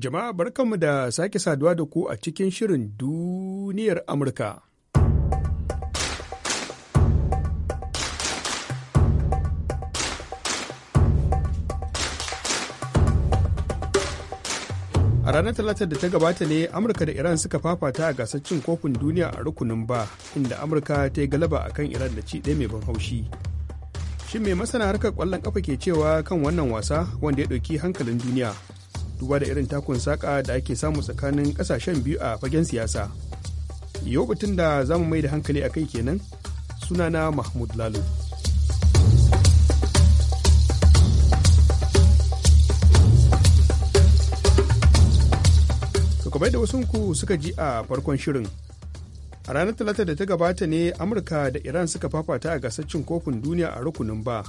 Jama'a barkanmu da sake saduwa da ku a cikin shirin duniyar Amurka. A ranar Talatar da ta gabata ne Amurka da Iran suka fafata a gasar cin kofin duniya a rukunin ba, inda Amurka ta yi galaba kan Iran da ci ɗaya mai ban haushi. Shin mai masana harkar ƙwallon ƙafa ke cewa kan wannan wasa wanda ya ɗauki hankalin duniya? duba da irin takun saƙa da ake samu tsakanin ƙasashen biyu a fagen siyasa yau batun da za mu mai da hankali a kai kenan sunana mahmud lalo kamar da wasunku suka ji a farkon shirin a ranar talata da ta gabata ne amurka da iran suka fafata a gasar cin kofin duniya a rukunin ba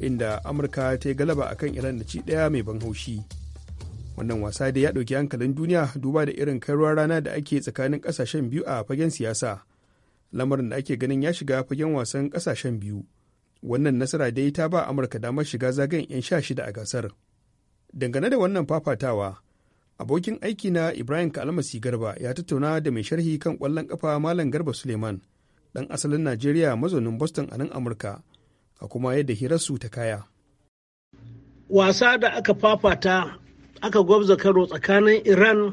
inda amurka ta yi galaba akan iran da ci ɗaya mai ban haushi wannan wasa dai ya ɗauki hankalin duniya duba da irin kai rana da ake tsakanin ƙasashen biyu a fagen siyasa lamarin da ake ganin ya shiga fagen wasan ƙasashen biyu wannan nasara dai ta ba amurka damar shiga zagayen 'yan sha shida a gasar dangane da wannan fafatawa abokin aiki na ibrahim kalmasi garba ya tattauna da mai sharhi kan ƙwallon ƙafa malam garba suleiman ɗan asalin najeriya mazaunin boston a nan amurka a kuma yadda hirarsu ta kaya wasa da aka fafata aka gwabza karo tsakanin iran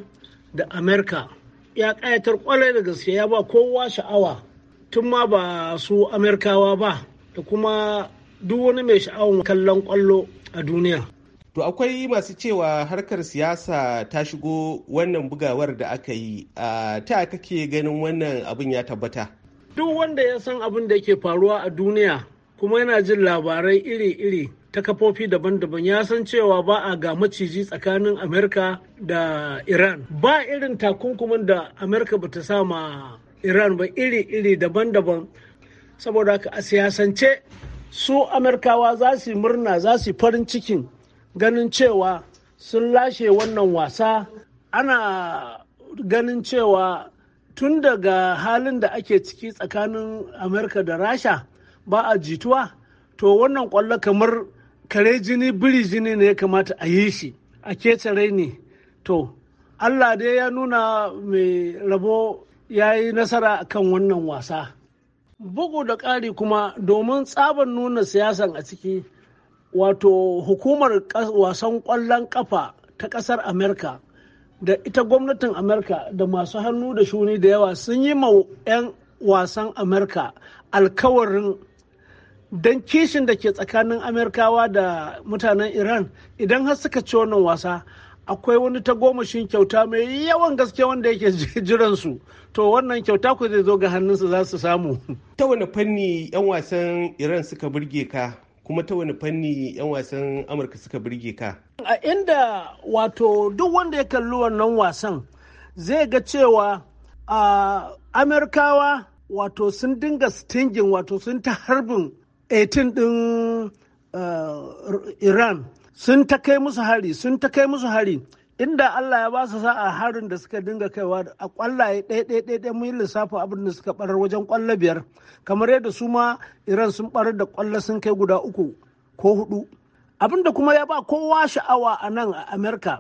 da amerika ya ƙayatar kwarai da gaske ya ba kowa sha'awa tun ma ba su amerikawa ba da kuma duk wani mai sha'awar kallon kwallo a duniya To akwai masu cewa harkar siyasa ta shigo wannan bugawar da aka yi a ta kake ganin wannan abin ya tabbata. Duk wanda ya san abin da ke faruwa a duniya kuma yana jin labarai iri-iri ta kafofi daban-daban ya san cewa ba a ga maciji tsakanin Amerika da Iran. Ba irin takunkumin da Amerika ba ta sama Iran ba iri-iri daban-daban. Saboda haka a siyasance su Amerikawa za su murna za su farin cikin ganin cewa sun lashe wannan wasa ana ganin cewa tun daga halin da ake ciki tsakanin Amerika da Rasha ba a jituwa to wannan kwallo kamar kare jini biri jini ne ya kamata a yi shi a kece ne to allah dai ya nuna mai rabo ya yi nasara kan wannan wasa bugu da ƙari kuma domin tsaban nuna siyasan a ciki wato hukumar wasan ƙwallon ƙafa ta ƙasar amerika da ita gwamnatin amerika da masu hannu da shuni da yawa sun yi ma 'yan wasan amerika alkawarin don kishin da ke tsakanin amerikawa da mutanen iran idan har suka ci wannan wasa akwai wani tagomashin kyauta mai yawan gaske wanda yake jiran su to wannan kyauta ku zai zo ga hannunsu za su samu ta wani fanni 'yan wasan iran suka burge ka kuma ta wani fanni 'yan wasan amurka suka burge ka a inda wato duk wanda ya kalli wannan wasan zai ga cewa a Amurkawa wato sun dinga stingin wato sun ta harbin 18 ɗin eh, iran sun ta kai musu hari sun ta kai musu hari inda Allah ya ba su sa'a harin da suka dinga kaiwa a kwallaye ɗaya ɗaya ɗaya mun yi lissafin abin da suka barar wajen kwallo biyar kamar yadda su ma Iran sun barar da kwallo sun kai guda uku ko hudu abin da kuma ya ba kowa sha'awa a nan a Amerika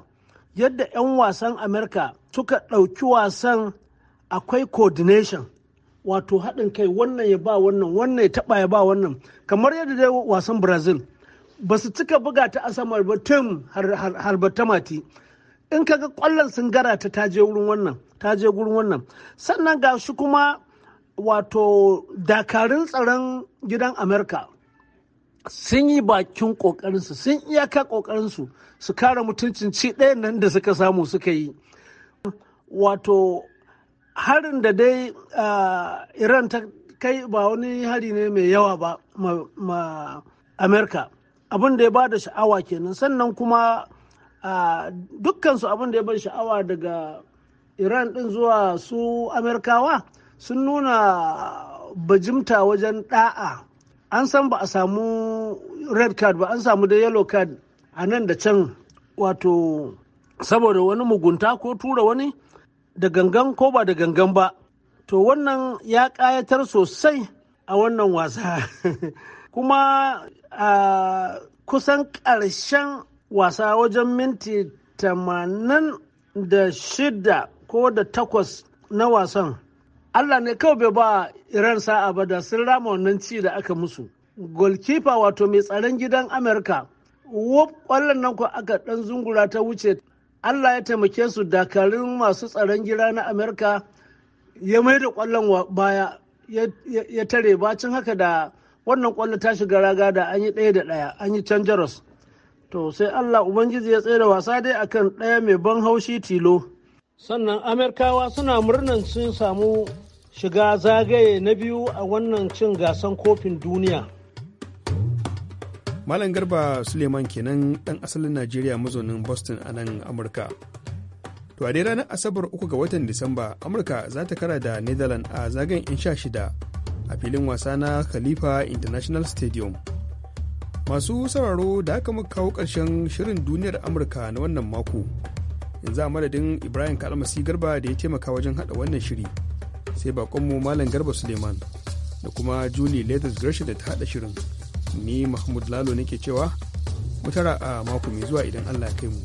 yadda 'yan wasan Amerika suka ɗauki wasan akwai coordination wato haɗin kai wannan ya ba wannan wannan ya taɓa ya ba wannan kamar yadda dai wasan brazil ba su cika buga ta a samar ba tim mati in kaga kwallon sun gara ta taje wurin wannan taje gurin wannan sannan ga shi kuma wato dakarun tsaron gidan amerika sun yi bakin kokarinsu sun iyaka kokarinsu su kare mutuncin ci ɗayan nan da suka samu suka yi wato harin da dai iran ta kai ba wani hari ne mai yawa ba ma amerika abin da ya ba da sha'awa kenan sannan kuma dukkansu abin da ya ba sha'awa daga iran din zuwa su amerikawa sun nuna bajimta wajen da'a an san ba a samu red card ba an samu da yellow card a nan da can wato saboda wani mugunta ko tura wani da gangan ko ba da gangan ba to wannan ya ƙayatar sosai a wannan wasa kuma a kusan ƙarshen wasa wajen minti tamanin da shida ko da takwas na wasan allah ne kawai bai ba iran sa'a ba da sun rama wannan ci da aka musu golkifa wato mai tsaron gidan amurka wop kwallon nan ko aka ɗan zungura ta wuce allah ya taimake su dakarun masu tsaron gida na amerika ya mai da kwallon baya ya tare bacin haka da wannan kwallo ta shiga raga da an yi ɗaya da ɗaya an yi can jaros to sai allah ubangiji ya tsaye wasa dai akan ɗaya mai ban haushi tilo sannan amerikawa suna murnan sun samu shiga zagaye na biyu a wannan cin gasan kofin duniya Malam Garba Suleiman kenan ɗan asalin Najeriya mazaunin Boston a nan Amurka. To a dai ranar Asabar uku ga watan Disamba, Amurka za ta kara da Netherlands a zagayen 'yan sha shida a filin wasa na Khalifa International Stadium. Masu sauraro da aka muka kawo ƙarshen shirin duniyar Amurka na wannan mako. Yanzu a madadin Ibrahim Kalmasi Garba da ya taimaka wajen hada wannan shiri. Sai bakonmu Malam Garba Suleiman da kuma Julie Leathers Gresham da ta hada shirin. ni mahmud lalo nake cewa mutara a mako mai zuwa idan allah ya kai mu